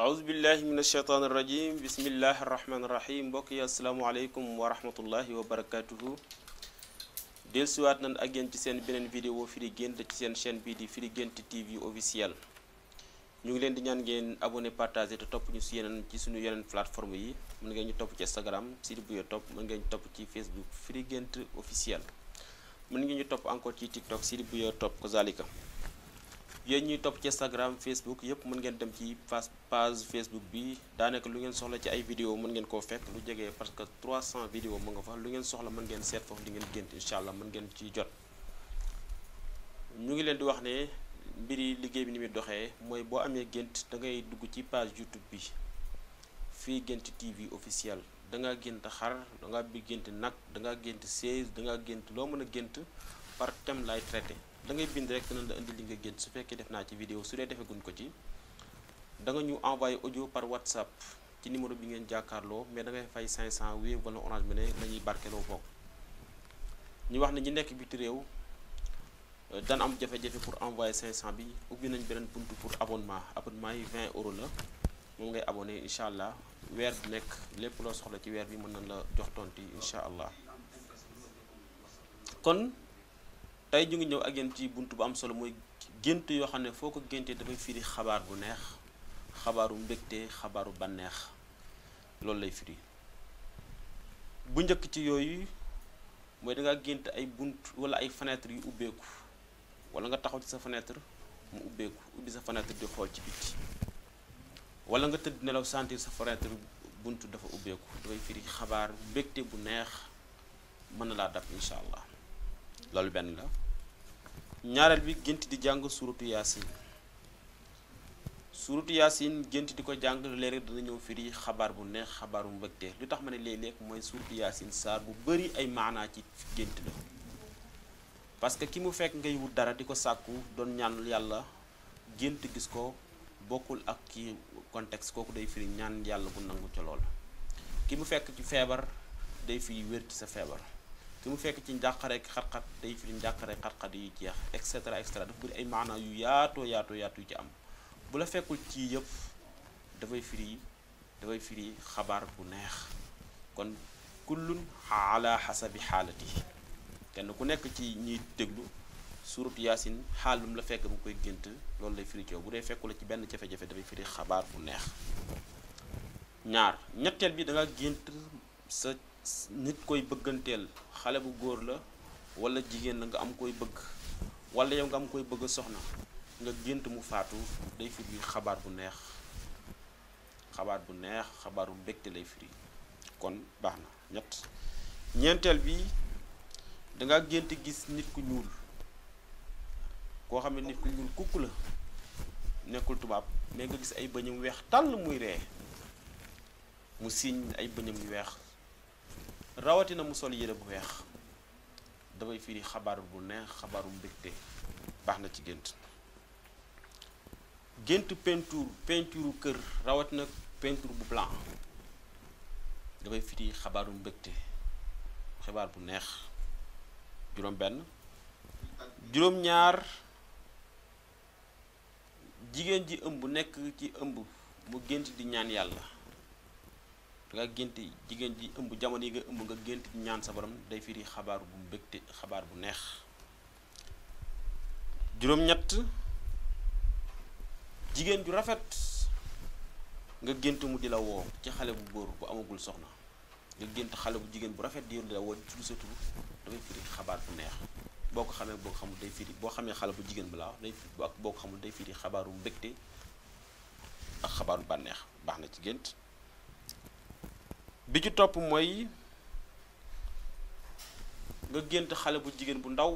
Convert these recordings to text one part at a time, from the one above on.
aousubillahi min alsheytaan irrajim bismillahi irrahmani irrahim mbokk yi asalaamualeykum wa rahmatullahi wa barakatuhu dellusiwaat nan ak yéen ci seen beneen vidéo firi gént ci seen chaîne bii di firi gént tv officiel ñu ngi leen di ñaan ngeen abone partagé te topp ñu si yeneen ci suñu yeneen plateforme yi mën ngeen ñu topp ci instagram site bu yo topp mën ngeen ñu topp ci facebook firi gént officiel mën ngeen ñu topp encore ci tiktok site bu topp ko zalika yéen ñuy topp ci Instagram Facebook yëpp mën ngeen dem ci page Facebook bi daanaka lu ngeen soxla ci ay vidéo mën ngeen koo fekk lu jege parce que 300 vidéo mu nga fa lu ngeen soxla mën ngeen seet foofu di ngeen gént incha allah mën ngeen ci jot ñu ngi leen di wax ne mbir yi liggéey bi ni muy doxee mooy boo amee gént dangay dugg ci page YouTube bi fii gént TV officiel da nga gént xar da bi gént nag da gént 16 da nga gént loo mën a gént par thème lay traité da ngay bind rek la indi li nga génn su fekkee def naa ci vidéo su dee defeguñ ko ci da nga ñu envoyé audio par whatsapp ci numéro bi ngeen jàkkaarloo mais da ngay fay 500 Wave wala Orange Money la ñuy barkeloo foofu wax ne ñi nekk biti réew euh, dana am jafe-jafe pour envoyer 500 bi ubbi nañ beneen buntu pour abonnement abonnement yi 20 euros la moom ngay abonné incha allah weer bu nekk lépp loo soxla ci weer bi mën nañ la jox tontu incha allah kon. tey ñu ngi ñëw ak yéen ci bunt bu am solo mooy gént yoo xam ne foo ko géntee dafay firi xabaar bu neex xabaaru mbégte xabaaru bànneex loolu lay firi bu njëkk ci yooyu mooy da gént ay bunt wala ay fenêtre yu ubbeeku wala nga taxaw ci sa fenêtre mu ubbeeku ubbi sa fenêtre di xool ci biti wala nga tëdd nelaw sentir sa fenêtre bunt dafa ubbeeku dafay firi xabaar mbégte bu neex mën na laa dab incha allah loolu benn la ñaareel bi gént di jàng suuratu yaasin suuratu yaasin gént di ko jàng léeg-léeg dana ñëw firi xabaar bu neex xabaar bu mbëgte lu tax ma ne léeg-léeg mooy suuratu yaasin saar bu bari ay maanaa ci gént la parce que ki mu fekk ngay wut dara di ko sàkku doon ñaanul yàlla gént gis ko bokkul ak ki contexte kooku day firi ñaan yàlla bu nangu ca lool ki mu fekk ci feebar day firi wér ci sa feebar ki mu fekk ci njàqareek xat-xat day firi njàqareek xat-xat yu jeex et cetera et cetera dafa bëri ay yu yaatoo yaatoo yaatu yu ci am bu la fekkul ci yëpp dafay firi dafay firi xabaar bu neex kon kullun ala xasabi xaalati kenn ku nekk ci ñiy déglu suuratu yaasin xaal mu la fekk bu koy gént loolu lay firi ci bu dee fekku ci benn jafe-jafe dafay firi xabaar bu neex ñaar ñetteel bi da gént sa nit koy bëgganteel xale bu góor la wala jigéen la nga am koy bëgg wala yow nga am koy bëgg soxna nga gént mu faatu day firi xabaat bu neex xabaat bu neex xabaaru mbégte lay firi kon baax na ñett ñeenteel bi danga gént gis nit ku ñuul koo xam ne nit ku ñuul kukk la nekkul tubaab mais nga gis ay bëñam weex tàll muy ree mu siiñ ay bëñam yu weex rawatina mu sol yére bu weex dafay firi xabaar bu neex xabaaru mbégte baax na ci gént gént peinture peinture kër rawatina peinture bu blanc dafay firi xabaaru mbégte xibaar bu neex juróom benn juróom ñaar jigéen ji ëmb nekk ci ëmb mu gént di ñaan yàlla danga gént jigéen ji ëmb jamono yi nga ëmb nga gént ñaan sa borom day firi xabaar bu mbégte xabaar bu neex juróom jigéen ju rafet nga gént mu di la woo ci xale bu góor bu amagul soxna gént xale bu jigéen bu rafet di la woo ci xabaar bu neex boo ko xamee boo xamul day firi boo xamee xale bu jigéen bi laa day boo ko xamul day firi xabaaru mbégte ak xabaaru bànneex baax na ci gént bi ci topp mooy nga gént xale bu jigéen bu ndaw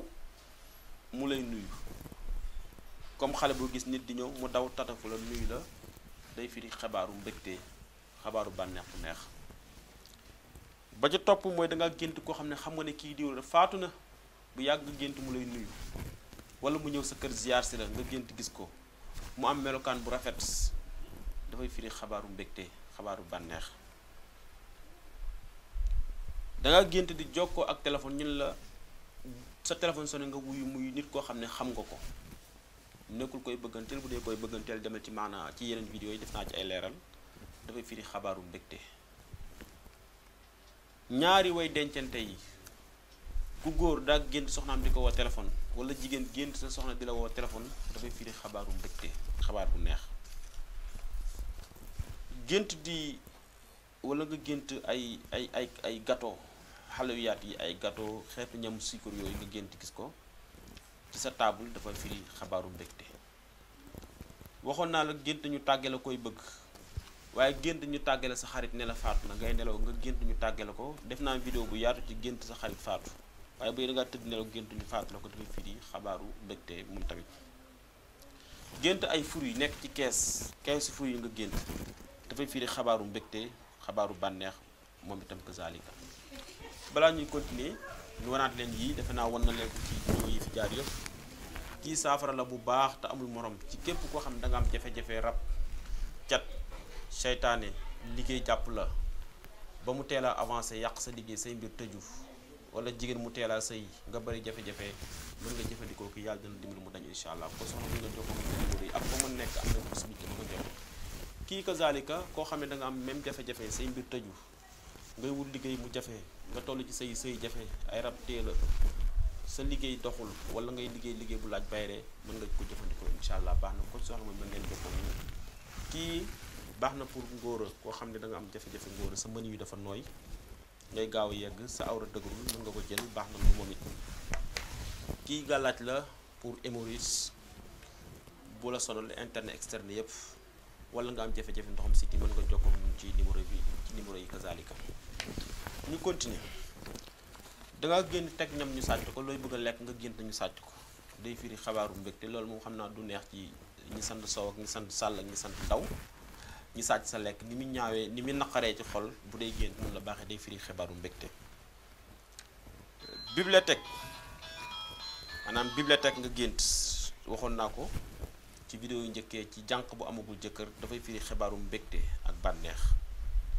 mu lay nuyu comme xale bu gis nit di ñëw mu daw tatafu la nuyu la day firi xabaaru mbégte xabaaru bànneex bu neex ba ca topp mooy danga gént koo xam ne xam nga ne kii diw faatu na bu yàgg nga gént mu lay nuyu wala mu ñëw sa kër ziar si la nga gént gis ko mu am melokaan bu rafet dafay firi xabaaru mbégte xabaaru bànneex da gént di jokkoo ak téléphone ñun la sa téléphone sonné nga wuyu muy nit koo xam ne xam nga ko nekkul koy bëgganteel bu dee koy bëgganteel demal ci maanaa ci yeneen vidéo yi def naa ci ay leeral dafay firi xabaaru mbégte ñaari way dencante ku góor daa gént soxnaam di ko woo téléphone wala jigéen gént sa soxna di la woo téléphone dafay xabaaru mbégte xabaar bu neex gént di wala nga gént ay ay ay ay xale yu yaat yi ay gato xeetu ñam sucre yooyu nga gént gis ko ci sa table dafa firi xabaaru mbégte waxoon naa la gént ñu tàggale koy bëgg waaye gént ñu tàggale sa xarit ne la faatu na ngay nelaw nga gént ñu tàggale ko def naa vidéo bu yaatu ci gént sa xarit faatu waaye bu da ngaa tëdd nelaw gént ñu faatu la ko dafa firi xabaaru mbégte mun tamit gént ay fruits yu nekk ci kees keesu fruits yi nga gént dafay firi xabaaru mbégte xabaaru bànneex moom itam kazaalika balaa ñuy continuer ñu wanaat leen yii defe naa wan na leen ci ñëw yi fi jaar yëpp kii saafara la bu baax te amul moroom ci képp koo xam da nga am jafe-jafe rab cat seytaane liggéey jàpp la ba mu teel a avancé yàq sa liggéey say mbir tëju wala jigéen mu teel a nga bëri jafe mën nga jëfandikoo kii yàlla dina dimbali mu dañ incha allah ko soxla mën nga jokkoo numéro nekk am na possibilité ba nga jot kii kazalika koo xam ne da nga am même jafe-jafe say mbir tëju ngay wut liggéey mu jafe nga toll ci say say jafe ay rab teel sa liggéey doxul wala ngay liggéey liggéey bu laaj bayre mën nga ko jëfandikoo incha allah baax na ko ci soxla mooy mën ngeen jokkoo ñu kii baax na pour ngóora koo xam ne da nga am jafe-jafe ngóora sa dafa nooy ngay gaaw a yegg sa awra dëgërul mën nga ko jël baax na moom it kii gàllaaj la pour hémorroïdes bu la sonal interne externe yëpp wala nga am jafe-jafe ndoxam siti mën nga jokkoo ci numéro bi ci numéro yi kazalika ñu continuer dangaa génn teg ñam ñu sàcc ko looy bëgg a lekk nga gént ñu sàcc ko day firi xabaaru mbégte loolu moom xam naa du neex ci ñi sant Sow ak ñi sant Sall ak ñi sant Ndaw ñi sàcc sa lekk ni mu ñaawee ni mu naqaree ci xol bu dee génn mun la baaxee day firi xabaaru mbégte bibliothèque maanaam bibliothèque nga gént waxoon naa ko ci vidéo njëkkee ci jànq bu amagul jëkkër dafay firi xabaaru mbégte ak bànneex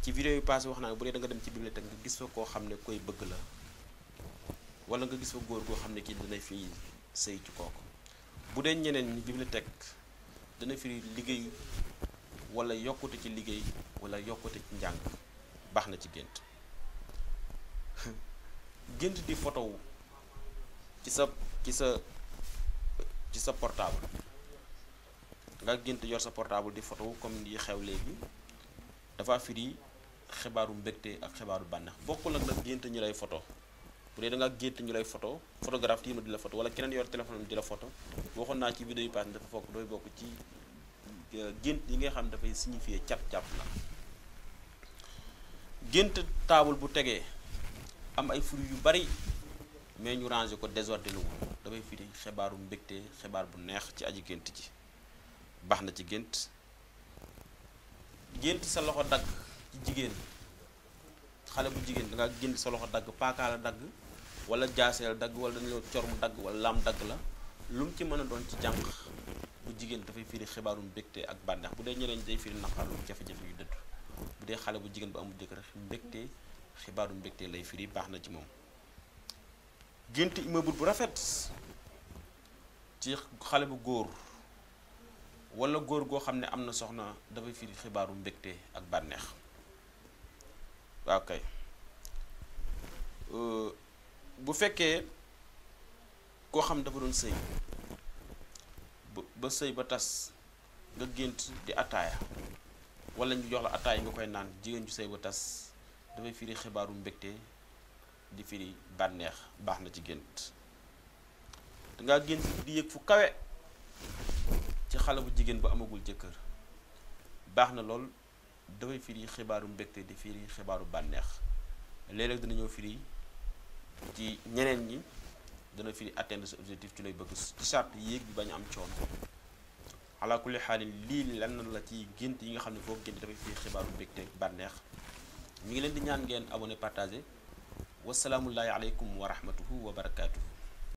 ci vidéo yu passé wax naa bu dee da nga dem ci bibliothèque nga gis fa koo xam ne koy bëgg la wala nga gis fa góor goo xam ne kii dana fi sëy kooku bu dee ñeneen ñi bibliothèque dana fi liggéey walla yokkute ci liggéey wala yokkute ci njàng baax na ci gént gént di photo ci sa ci sa ci sa portable nga gént yor sa portable di photo comme yi xew léegi dafa firi xibaaru mbégte ak xibaaru bànneex bokkul ak nag gént ñu lay photo bu dee da nga ñu lay photo photographe tiima di la photo wala keneen yor téléphone di la photo waxoon naa ci vidéo yu paase dafa fokk dooy bokk ci euh, gént yi nga xam dafay signifier cap-cap gént taabul bu tegee am ay fruits yu bari mais ñu ranger ko désordre lu dafay firi xibaaru mbégte xibaar bu neex ci aji gént ji baax na ci gént gént sa loxo dagg jigéen xale bu jigéen da génn sa dagg paaka dagg wala jaaseel dagg wala dañu cor mu dagg wala laam dagg la lu ci mën a doon ci jànq bu jigéen dafay fiir xibaaru mbégte ak bànneex bu dee ñeneen day firi naqar lu jafe yu dëdd xale bu jigéen bu amul jëkkër mbégte xibaarum mbégte lay firi baax na ci moom gént immeuble bu rafet ci xale bu góor walla góor goo xam ne am na soxna dafay firi xibaaru mbégte ak bànneex waaw ah, kay euh, bu fekkee koo xam dafa doon sëy ba sëy ba tas nga gént di ataaya wala ñu jox la yi nga koy naan jigéen ju sëy ba tas dafay firi xibaaru mbégte di firi bànneex baax na ci gént dangaa gént di yëg fu kawe ci xale jigéen ba amagul jëkkër baax na lool dafay firi xibaaru mbégte di firi xibaaru bànneex léeg-léeg dina ñëw firi ci ñeneen ñi dana firi atteindre sa objectif ci lay bëgg ci sart yéeg bi bañ am coono ala kulli xaalin lii lenn la ci gént yi nga xam ne foo gént dafay firi xibaaru mbégte bànneex ñu ngi leen di ñaan ngeen abonné partagé wasalaamullahi aleykum wa rahmatuhu wa barakaatuhu